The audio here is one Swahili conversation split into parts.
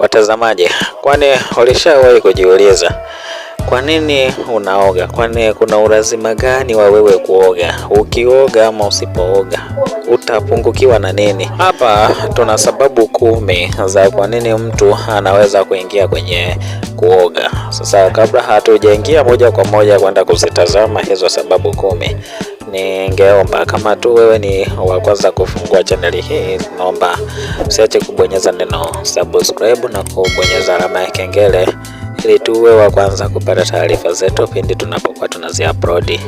Watazamaji, kwani walishawahi kujiuliza kwa nini unaoga? Kwani kuna ulazima gani wa wewe kuoga? Ukioga ama usipooga utapungukiwa na nini? Hapa tuna sababu kumi za kwa nini mtu anaweza kuingia kwenye kuoga. Sasa kabla hatujaingia moja kwa moja kwenda kuzitazama hizo sababu kumi, ningeomba kama tu wewe ni wa kwanza kufungua chaneli hii, naomba usiache kubonyeza neno subscribe na kubonyeza alama ya kengele ili tuwe wa kwanza kupata taarifa zetu pindi tunapokuwa upload.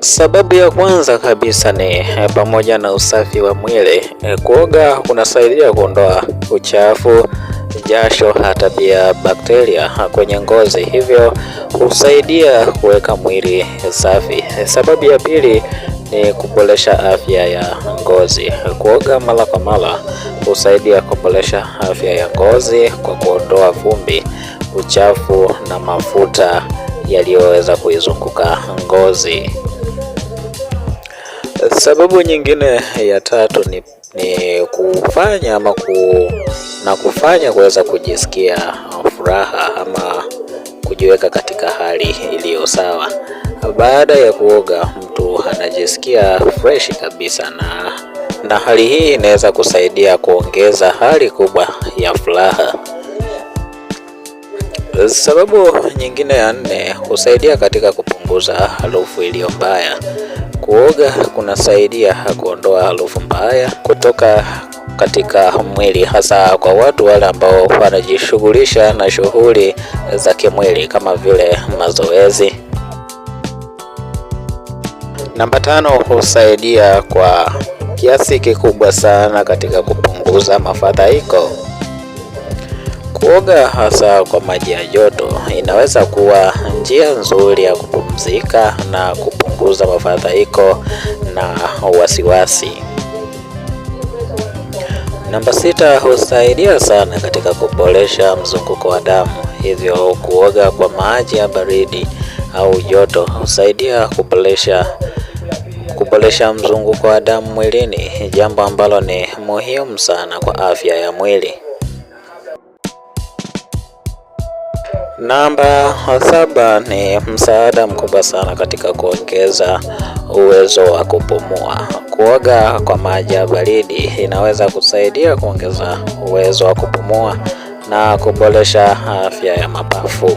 Sababu ya kwanza kabisa ni eh, pamoja na usafi wa mwili. Eh, kuoga kunasaidia kuondoa uchafu jasho hata pia bakteria kwenye ngozi, hivyo husaidia kuweka mwili safi. Sababu ya pili ni kuboresha afya ya ngozi. Kuoga mara kwa mara husaidia kuboresha afya ya ngozi kwa kuondoa vumbi, uchafu na mafuta yaliyoweza kuizunguka ngozi. Sababu nyingine ya tatu ni ni kufanya ama ku, na kufanya kuweza kujisikia furaha ama kujiweka katika hali iliyo sawa. Baada ya kuoga mtu anajisikia fresh kabisa na, na hali hii inaweza kusaidia kuongeza hali kubwa ya furaha. Sababu nyingine ya nne, husaidia katika kupunguza harufu iliyo mbaya. Kuoga kunasaidia kuondoa harufu mbaya kutoka katika mwili hasa kwa watu wale ambao wanajishughulisha na shughuli za kimwili kama vile mazoezi. Namba tano, husaidia kwa kiasi kikubwa sana katika kupunguza mafadhaiko. Kuoga hasa kwa maji ya joto inaweza kuwa njia nzuri ya kupumzika na kup kupunguza mafadhaiko na wasiwasi. Namba sita, husaidia sana katika kuboresha mzunguko wa damu, hivyo kuoga kwa maji ya baridi au joto husaidia kuboresha kuboresha mzunguko wa damu mwilini, jambo ambalo ni muhimu sana kwa afya ya mwili. Namba saba ni msaada mkubwa sana katika kuongeza uwezo wa kupumua. Kuoga kwa maji ya baridi inaweza kusaidia kuongeza uwezo wa kupumua na kuboresha afya ya mapafu.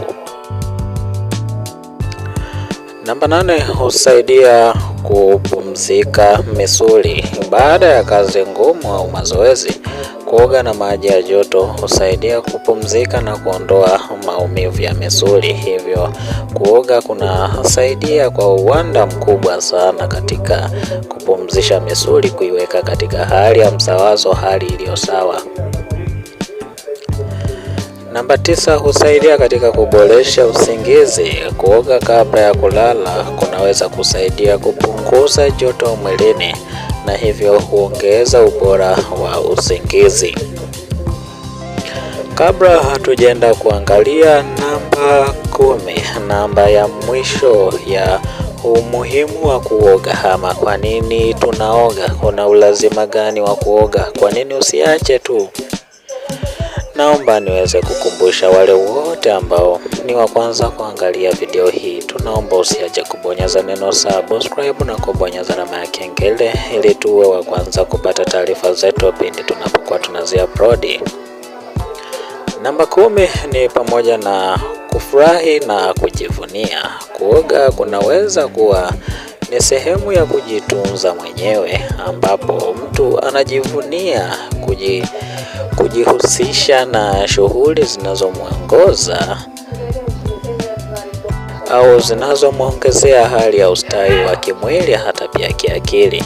Namba nane husaidia kupumzika misuli. Baada ya kazi ngumu au mazoezi, Kuoga na maji ya joto husaidia kupumzika na kuondoa maumivu ya misuli, hivyo kuoga kunasaidia kwa uwanda mkubwa sana katika kupumzisha misuli, kuiweka katika hali ya msawazo, hali iliyo sawa. Namba tisa, husaidia katika kuboresha usingizi. Kuoga kabla ya kulala kunaweza kusaidia kupunguza joto mwilini na hivyo huongeza ubora wa usingizi. Kabla hatujaenda kuangalia namba kumi, namba ya mwisho ya umuhimu wa kuoga ama kwa nini tunaoga, kuna ulazima gani wa kuoga, kwa nini usiache tu? Naomba niweze kukumbusha wale wote ambao ni wa kwanza kuangalia video hii Naomba usiache kubonyeza neno subscribe na kubonyeza alama ya kengele ili tuwe wa kwanza kupata taarifa zetu pindi tunapokuwa tunazia upload. Namba kumi ni pamoja na kufurahi na kujivunia. Kuoga kunaweza kuwa ni sehemu ya kujitunza mwenyewe ambapo mtu anajivunia kuji, kujihusisha na shughuli zinazomwongoza au zinazomwongezea hali ya ustawi wa kimwili hata pia kiakili.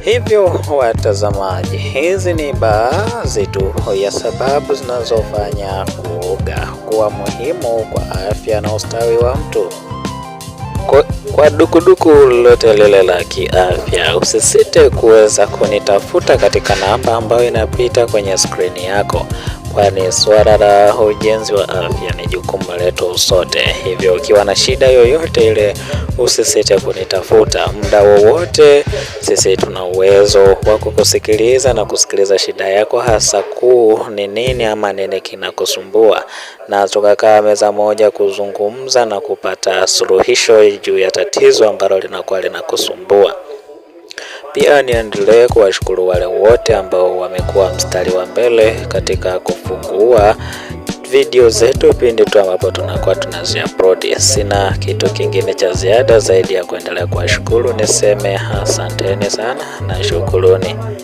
Hivyo watazamaji, hizi ni baadhi tu ya sababu zinazofanya kuoga kuwa muhimu kwa afya na ustawi wa mtu. Kwa, kwa dukuduku lolote lile la kiafya, usisite kuweza kunitafuta katika namba ambayo inapita kwenye skrini yako kwani suala la ujenzi wa afya ni jukumu letu sote. Hivyo ukiwa na shida yoyote ile, usisite kunitafuta muda wowote. Sisi tuna uwezo wa kukusikiliza na kusikiliza shida yako hasa kuu ni nini, ama nini kinakusumbua, na tukakaa meza moja kuzungumza na kupata suluhisho juu ya tatizo ambalo linakuwa linakusumbua. Pia niendelee kuwashukuru wale wote ambao wamekuwa mstari wa mbele katika kufungua video zetu pindi tu ambapo tunakuwa tunazi upload. Sina kitu kingine cha ziada zaidi ya kuendelea kuwashukuru, niseme asanteni sana na shukuruni.